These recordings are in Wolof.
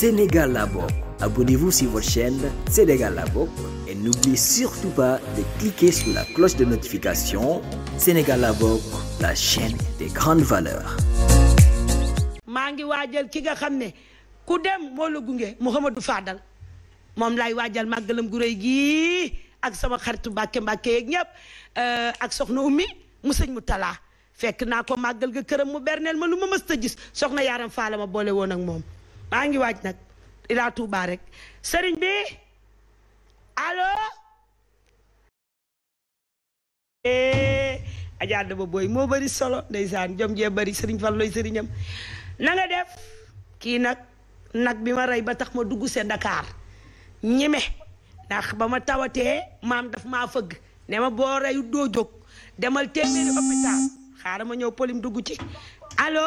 Sénégal la Abonnez-vous sur votre chaîne Sénégal la et n'oubliez surtout pas de cliquer sur la cloche de notification. Sénégal la la chaîne des grandes valeurs. Mangi ngi ki nga xamné ku dem moo la gunge Mouhamadou Fadal mom lay waajal màggalam gurey gi ak sama xaritu mbàkke ak ñep euh ak soxna ummi mu sëñ mu tala fekk nako ko ga kërëm mu bernel ma luma mësta mës ta gis soxna yaaram ma boole ak mom maa ngi waaj nag ilaa Touba rek sëriñ bi allo. Eh, Adja ba Boy moo bari solo ndeysaan jom jee bëri sëriñ fan looy sëriñam na def kii nag nag bi ma rey ba tax ma dugg see Dakar ñeme ndax ba ma tawatee maam daf maa fëgg ne ma boo reyu doo jóg demal téeméeri hôpital xaaral ma ñëw polim dugg ci allo.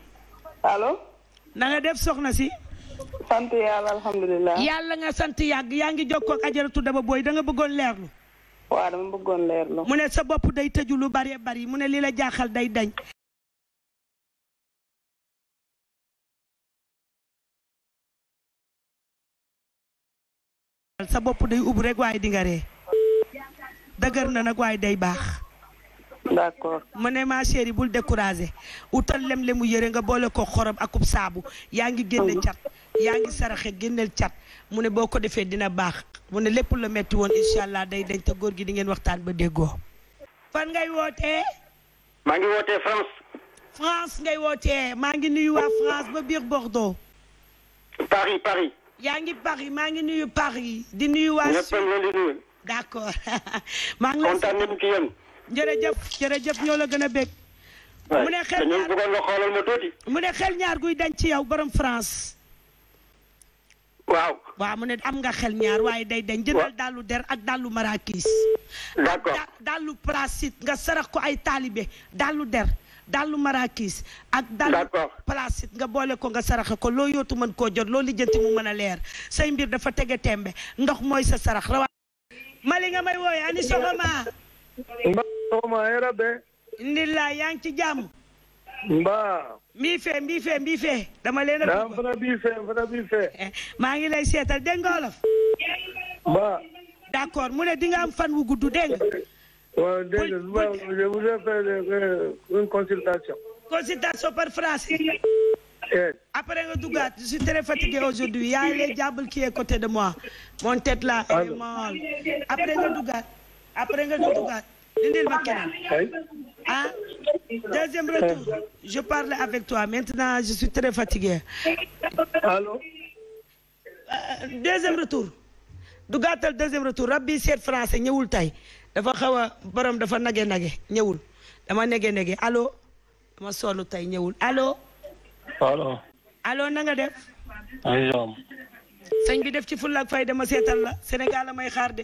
allo na nga def soxna si sant yalla alhamdullilah yalla nga sant yag ya ngi jokkoo ak ajaratu daba boy da nga bëggoon leerlu wa dama bëggoon leerlu mune sa bop day teju lu bari bari mune lila jaxal day dañ sa bop day ub rek way di nga re na nak way day bax d'accord mu ne ma chérie bul découragé wutal lem-le mu yëre nga boole ko xorom akub saabu yaa ngi génne mm. cat yaa ngi saraxe génneel cat mu ne boo ko defee dina baax mu ne lépp la metti woon incha allah day dañ te góor gi di ngeen waxtaan ba déggoo fan ngay wootee maa ngi ngay wootee maa ngi nuyu waa France ba biir Bordeaux Paris Paris yaa ngi Paris maa ngi nuyu Paris di nuyu waa ñëpp di nuyu d'accord maa ngi kontaan nañu jërëjëf jërëjëf ñoo la gën a bég mu ne xel ñaar bëggoon nga xoolal ma tuuti mu ne xel ñaar guy dañ ci yow borom France waaw waaw mu ne am nga xel ñaar waaye day dañ jëndal dàllu der ak dàllu marakis d'accord Dalu placide nga sarax ko ay taalibe dàllu der dalu marakis ak dàllu placide nga boole ko nga saraxe ko loo yootu mën koo jot loo lijjanti mu mën a leer say mbir dafa tege tembe ndox mooy sa sarax rawaat mali nga may wooye ani soxama tɔgɔma hɛrɛ bɛ n delila y'an ci jaamu nba n b'i fɛ n b'i fɛ n b'i fɛ damalena n fana b'i fɛ n fana b'i fɛ eh, maa ngi lay seetal dégg nga olof nba d'accord mu ne di nga am fan wu gudd dégg nga waaw dégg nga je voudrais faire euh, euh, une consultation consultation par français eh. Après le Dougat, je suis très fatigué aujourd'hui. Il y a les diables qui est à côté de moi. Mon tête là, est mal. Après le Dougat. Après le Dougat. Dindil Bakara. Ah, deuxième retour. Je parle avec toi. Maintenant, je suis très fatigué. Allô? Euh, deuxième retour. du deuxième retour Rabbi, c'est français ñëwul tey dafa xaw a borom dafa nage nage ñëwul dama nege nege Allô? dama sonn tey ñëwul Allô? Allô? Allô, na nga def. sëñ bi def ci fulla ak fay dama seetal la Sénégal la xaar de.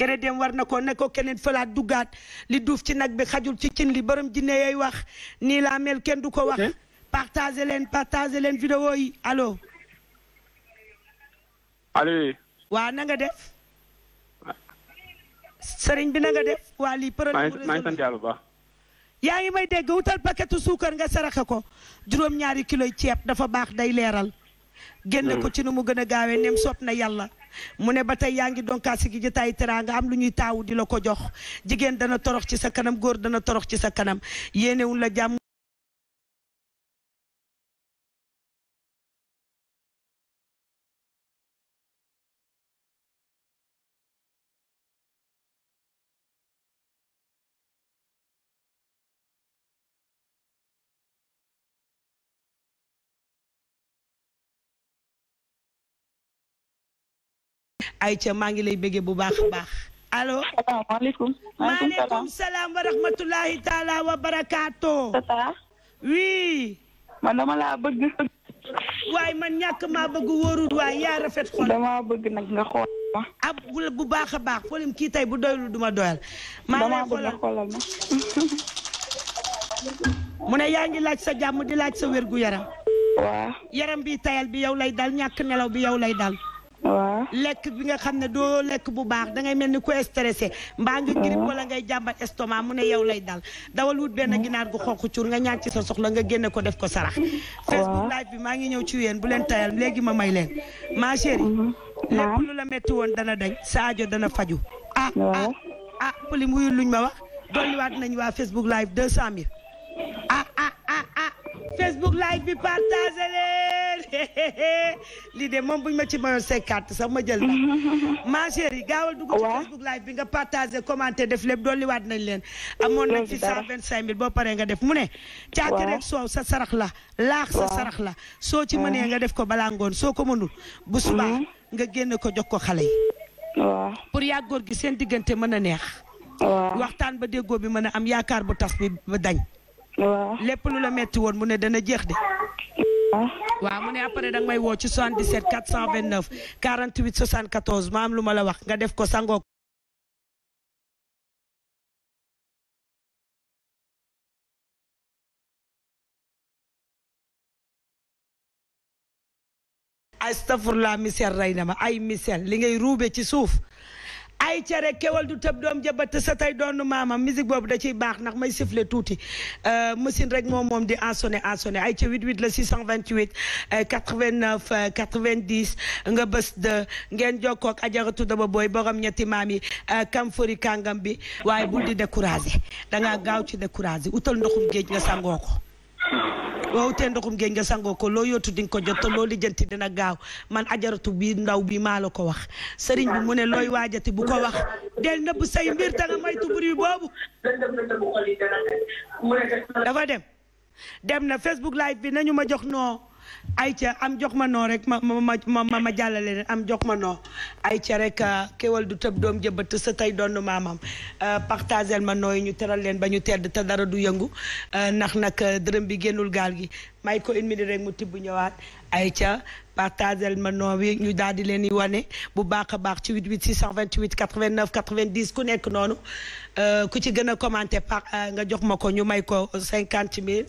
kere dem war na ko ne ko keneen falaat duggaat li duuf ci nag bi xajul ci cin li borom jinne yey wax nii laa mel kenn du ko wax partagé leen partage leen vidéo yi allo allo waa nanga def sëriñ bi na nga def waa lii problème maa ngi sant yaa ngi may dégg wutal paquetu suukar nga saraxe ko juróom-ñaari kiloy ceeb dafa baax day leeral génn ko hmm. ci nu mu gën a gaawee nem sopp na yàlla mu ne ba tey yaa ngi donkaasi gi jotaayu teraanga am lu ñuy taawu di la ko jox jigéen dana torox ci sa kanam góor dana torox ci sa kanam yéenewul la jàmm ayca maa ngi lay béggee bu baax a baax allo salaamaaleykum maaleykum salaam wa rahmatullahi taala wa barakaatu tata oui man dama laa bëgg waaye man ñàkk maa bëgg wóorul waaye yaa rafet xol dama bëgg nag nga xool ma ab bu baax a baax folim kii tey bu doylu duma doyal maa lay xoolal ma mu ne yaa ngi laaj sa jàmm di laaj sa wér gu yaram waaw yaram bi tayal bi yow lay dal ñàkk nelaw bi yow lay dal waaw lekk bi nga xam ne doo lekk bu baax dangay mel ni ko stressé mbaa nga grippe wala ngay jàmbat estomac mu ne yow lay dal dawal wut benn mm. ginaar gu xonq cuur nga ñaan ci sa soxla nga génne ko def ko sarax Facebook live bi maa ngi ñëw ci ween bu leen tayal léegi ma may leen ma chérie mm-hmm. lépp lu la metti woon dana dañ Sadio dana faju ah ah ah pëli muyul luñ ma wax dolliwaat nañ waa Facebook live deux cent mille ah, ah, ah, ah. Facebook live bi partagé leen lii de moom buñ ma ci mayoon cinquante sax ma jël la ma chérie gaawal dugg ci Facebook live bi nga partagé commenté def lépp dolliwaat nañ leen amoon nañ fi cent vingt cinq mille boo paree nga def mu ne caaka soow sa sarax la laax sa sarax la soo ci mënee nga def ko balaa ngoon soo ko mënul bu subaa mm-hmm. nga génn ko jox ko xale yi waaw pour yàggoor gi seen diggante mën a neex waxtaan ba déggoo bi mën a am yaakaar bu tas bi ba dañ lépp lu la metti woon mu ne dana jeex de waaw mu ne après danga may woo ci 77 429 48 74 maam lu ma la wax nga def ko sangoo astafurlah misel rey na ma ay misel li ngay ruube ci suuf ay cere kewal du tëb doom jabat sa tey doonu maamam musique boobu da ciy baax ndax may siffler tuuti euh, machine rek moom moom di ensonné ensonné ay ca 88 la 628 89 90 nga bés de ngeen jokkoo ak ajaratu daba booy borom ñetti maam yi euh, kamfori kàngam bi waaye bul di découragé dangaa gaaw ci découragé utal ndoxum géej nga sangoo ko waaw te ndoxum géej nga sangoo ko loo yootu di nga ko jot te loo lijjanti dina gaaw man ajaratu bi ndaw bi maa la ko wax sëriñ bi mu ne looy waajati bu ko wax del nëbb say mbir ta nga moytu bruit boobu dafa dem dem na Facebook live bi nañu ma jox noo ay ca am jox ma noo rek ma ma ma ma jàllale leen am jox ma ay ayca rek ah, kéwal du tëb doom jëbbat sa tey doon maamam ah, partagel ma yi ñu teral leen ba ñu tedd te dara du yëngu ah, ndax nag dërëm bi génnul gaal gi may ko une rek mu tibb ñëwaat ay ayca partagel ma noo wi ñu daal di leen di wane bu baax a baax ci 88 628 89 90 ku nekk noonu ku ci gën a commenté par nga jox ma ko ñu may ko cinquante mille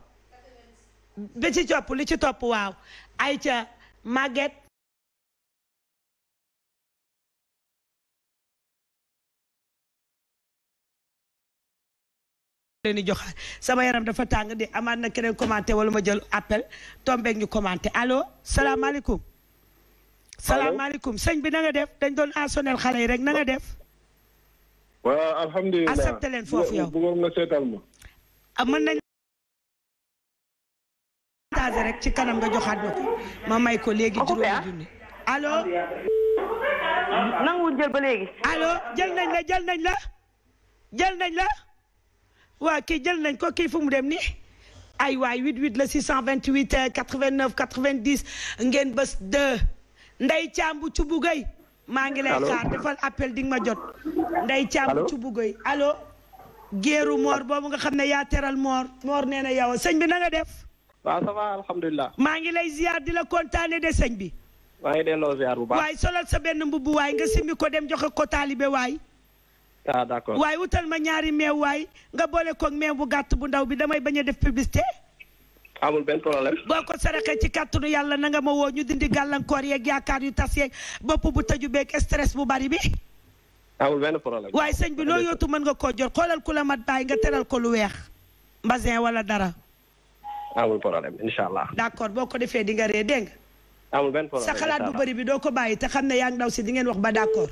ba top li ci top waw ay ca maget leen di sama yaram dafa tang di amana na keneen commenté wala ma jël appel tombeeg ñu commenté allo salam alaykum señ bi na nga def dañ doon asonel xalé rek na nga def wa alhamdullilah accepté len fofu yow bu bëggoon na sétal ma ah, mën nañ changé rek ci kanam nga joxaat ma ko ma may ko léegi juróomi ah? junni allo nanguwul jël ba léegi allo jël nañ la jël nañ la jël nañ la wa ki jël nañ ko ki fu mu dem ni ay way 88 la 628 89 90 ngeen bés 2 nday chambu ci bu gay ma ngi lay xaar defal appel ding ma jot nday chambu ci bu gay allo géeru mor bobu nga xamne ya teral mor mor neena yaw señ bi na nga def waaw ça va alhamdulilah. maa ngi lay ziar di la kontaane de señ bi. maa ngi delloo ziar bu baax. waaye solal sa benn mbubb waay nga simmi ko dem joxe ko taalibe waay. ah d'accord waaye wutal ma ñaari meew waay nga boole koog meew bu gàtt bu ndaw bi damay bañ a def publicité. amul benn problème. boo ko saraxee ci kàttanu yàlla na nga ma woo ñu dindi gàllankoor yeeg yaakaar yu tas yeeg bopp bu tëju beeg stress bu bari bi. amul benn problème. waaye sëñ bi loo yootu mën nga koo jot xoolal ku la mat bàyyi nga teral ko lu weex. mbasin wala dara. amul problème incha allah. d' accord boo ko defee di nga ree dégg nga. amul xalaat bu bëri bi doo ko bàyyi te xam ne yaa ngi daw si di ngeen wax ba d' accord.